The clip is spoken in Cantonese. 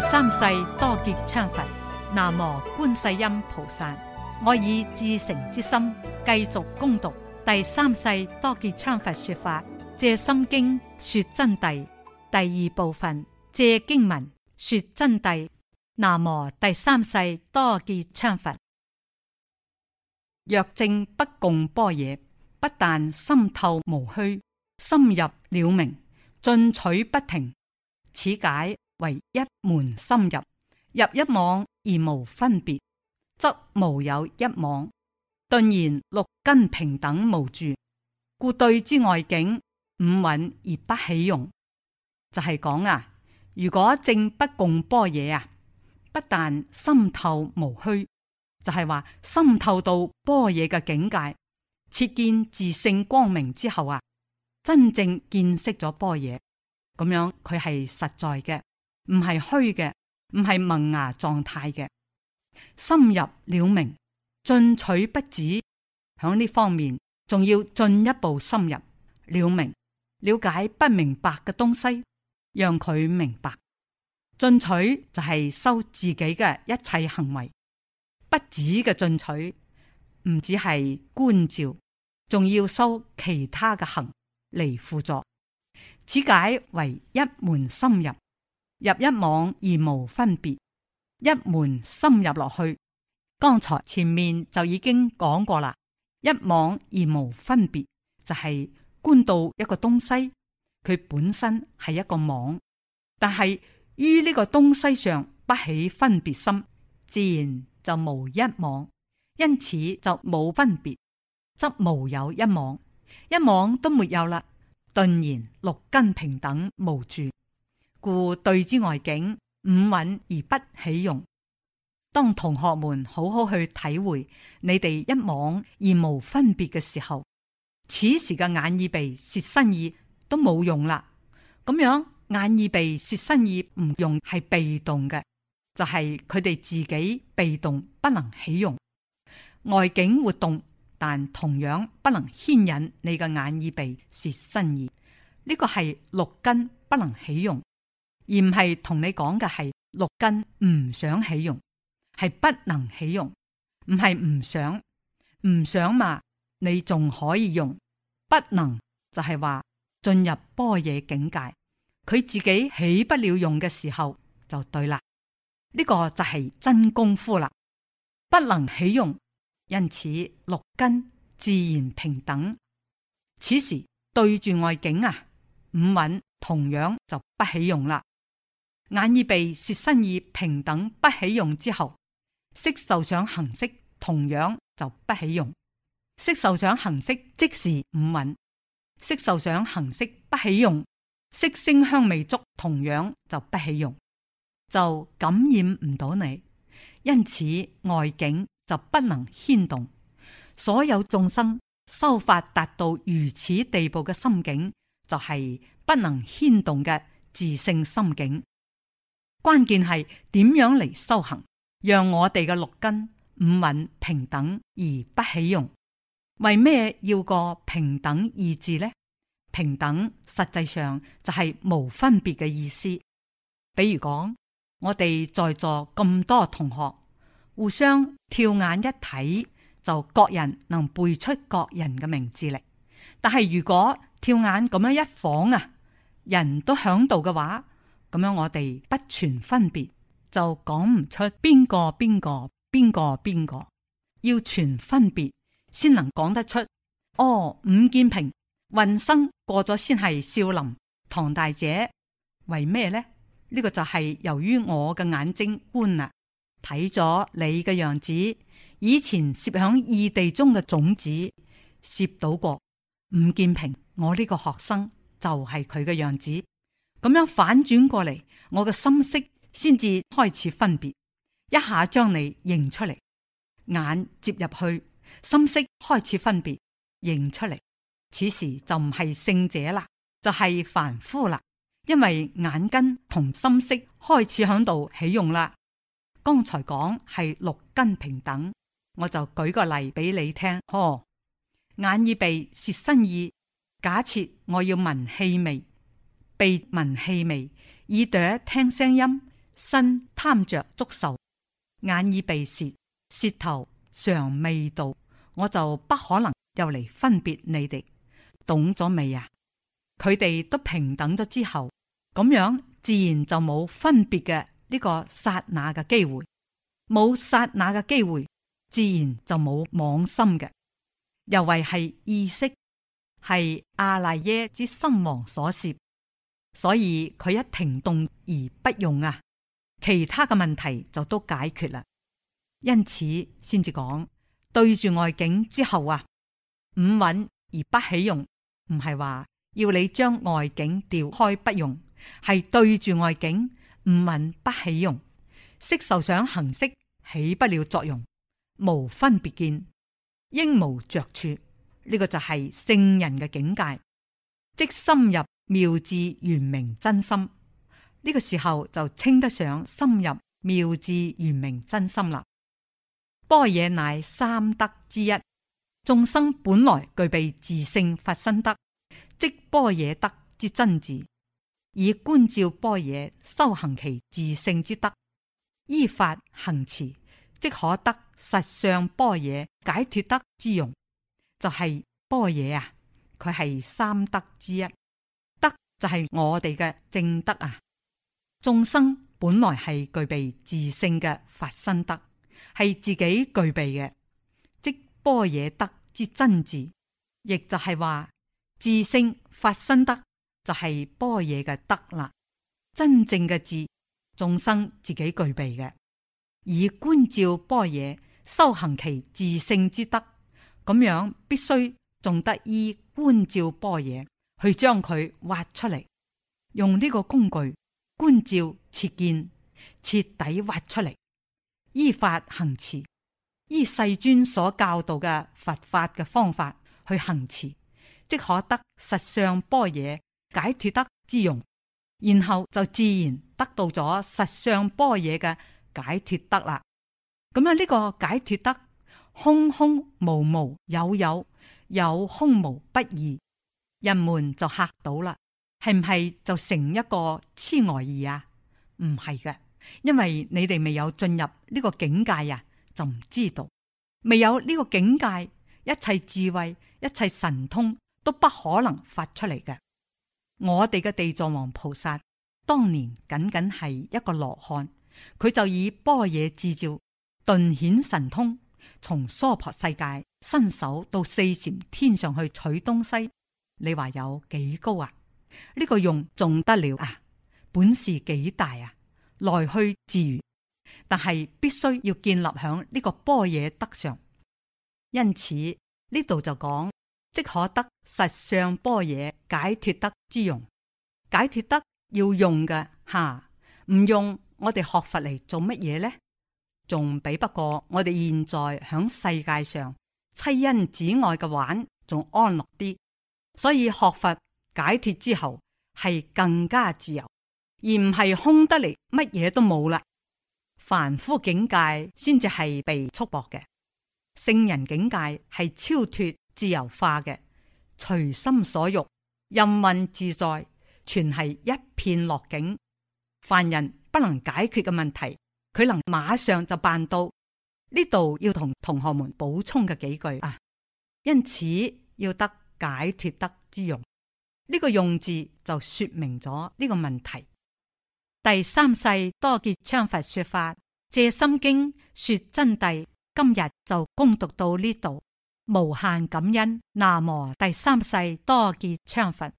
第三世多杰羌佛，南無觀世音菩薩。我以至誠之心繼續攻讀第三世多杰羌佛說法，借心經說真諦第二部分，借經文說真諦。南無第三世多杰羌佛，若正不共般若，不但心透無虛，深入了明，進取不停，此解。為一門深入，入一網而無分別，則無有一網。頓然六根平等無住，故對之外境五蘊而不起用。就係講啊，如果正不共般若啊，不但深透無虛，就係、是、話深透到般若嘅境界，切見自性光明之後啊，真正見識咗般若咁樣，佢係實在嘅。唔係虛嘅，唔係萌芽狀態嘅，深入了明，進取不止。響呢方面，仲要進一步深入了明，了解不明白嘅東西，讓佢明白。進取就係收自己嘅一切行為，不止嘅進取，唔止係觀照，仲要收其他嘅行嚟輔助。此解為一門深入。入一網而無分別，一門深入落去。剛才前面就已經講過啦，一網而無分別，就係、是、觀到一個東西，佢本身係一個網，但係於呢個東西上不起分別心，自然就無一網，因此就冇分別，則無有一網，一網都沒有啦，頓然六根平等無住。故對之外境五蘊而不起用。當同學們好好去體會，你哋一望而無分別嘅時候，此時嘅眼、耳、鼻、舌、身意都冇用啦。咁樣眼、耳、鼻、舌、身意唔用係被動嘅，就係佢哋自己被動，不能起用外境活動，但同樣不能牽引你嘅眼、耳、鼻、舌、身意。呢個係六根不能起用。而唔係同你講嘅係六根唔想起用，係不能起用，唔係唔想，唔想嘛，你仲可以用，不能就係、是、話進入般若境界，佢自己起不了用嘅時候就對啦，呢、這個就係真功夫啦，不能起用，因此六根自然平等，此時對住外境啊，五蘊同樣就不起用啦。眼耳鼻、舌、身、意平等不起用之後，色受想行識同樣就不起用；色受想行識即是五蘊，色受想行識不起用，色聲香味觸同樣就不起用，就感染唔到你，因此外境就不能牽動所有眾生。修法達到如此地步嘅心境，就係不能牽動嘅自性心境。關鍵係點樣嚟修行，讓我哋嘅六根五蘊平等而不起用。為咩要個平等意志呢？平等實際上就係無分別嘅意思。比如講，我哋在座咁多同學，互相跳眼一睇，就各人能背出各人嘅名字嚟。但係如果跳眼咁樣一晃啊，人都響度嘅話。咁樣我哋不存分別就講唔出邊個邊個邊個邊個，要全分別先能講得出。哦，伍建平、運生過咗先係少林唐大姐，為咩呢？呢個就係由於我嘅眼睛觀啦，睇咗你嘅樣子，以前攝響異地中嘅種子攝到過伍建平，我呢個學生就係佢嘅樣子。咁樣反轉過嚟，我嘅心識先至開始分別，一下將你認出嚟，眼接入去，心識開始分別認出嚟。此時就唔係聖者啦，就係、是、凡夫啦，因為眼根同心識開始響度起用啦。剛才講係六根平等，我就舉個例俾你聽。呵、哦，眼耳鼻舌身意，假設我要聞氣味。鼻聞氣味，耳朵聽聲音，身貪着觸受，眼耳鼻舌，舌頭嘗味道，我就不可能又嚟分別你哋。懂咗未啊？佢哋都平等咗之後，咁樣自然就冇分別嘅呢個剎那嘅機會，冇剎那嘅機會，自然就冇妄心嘅。又為係意識，係阿賴耶之心王所攝。所以佢一停動而不用啊，其他嘅問題就都解決啦。因此先至講對住外境之後啊，五蘊而不起用，唔係話要你將外境調開不用，係對住外境五蘊不起用，色受想行識起不了作用，無分別見，應無着處，呢個就係聖人嘅境界，即深入。妙智圓明真心，呢、這個時候就稱得上深入妙智圓明真心啦。般若乃三德之一，眾生本來具備自性法身德，即般若德之真智，以觀照般若，修行其自性之德，依法行持，即可得實相般若解脫德之用。就係般若啊，佢係三德之一。就係我哋嘅正德啊！眾生本來係具備自性嘅法身德，係自己具備嘅，即般若德之真智，亦就係話自性法身德就係般若嘅德啦，真正嘅智，眾生自己具備嘅，以觀照般若修行其自性之德，咁樣必須仲得以觀照般若。去將佢挖出嚟，用呢個工具觀照切、切見，徹底挖出嚟，依法行持，依世尊所教導嘅佛法嘅方法去行持，即可得實相般若解脫得之用，然後就自然得到咗實相般若嘅解脫得啦。咁樣呢個解脫得，空空無無有有有空無不疑。人們就吓到啦，係唔係就成一個痴呆兒啊？唔係嘅，因為你哋未有進入呢個境界呀，就唔知道未有呢個境界，一切智慧，一切神通都不可能發出嚟嘅。我哋嘅地藏王菩薩當年僅僅係一個羅漢，佢就以般若自照頓顯神通，從娑婆世界伸手到四禪天上去取東西。你話有幾高啊？呢、這個用仲得了啊？本事幾大啊？來去自如，但係必須要建立喺呢個般若德上。因此呢度就講即可得實相般若，解脱德之用，解脱德要用嘅吓，唔用我哋學佛嚟做乜嘢呢？仲比不過我哋現在響世界上妻恩子愛嘅玩仲安樂啲。所以學佛解脫之後係更加自由，而唔係空得嚟，乜嘢都冇啦。凡夫境界先至係被束縛嘅，聖人境界係超脫、自由化嘅，隨心所欲、任運自在，全係一片落境。凡人不能解決嘅問題，佢能馬上就辦到。呢度要同同學們補充嘅幾句啊，因此要得。解脫得之用，呢、這個用字就說明咗呢個問題。第三世多杰羌佛說法，借心經說真諦。今日就恭讀到呢度，無限感恩。南無第三世多杰羌佛。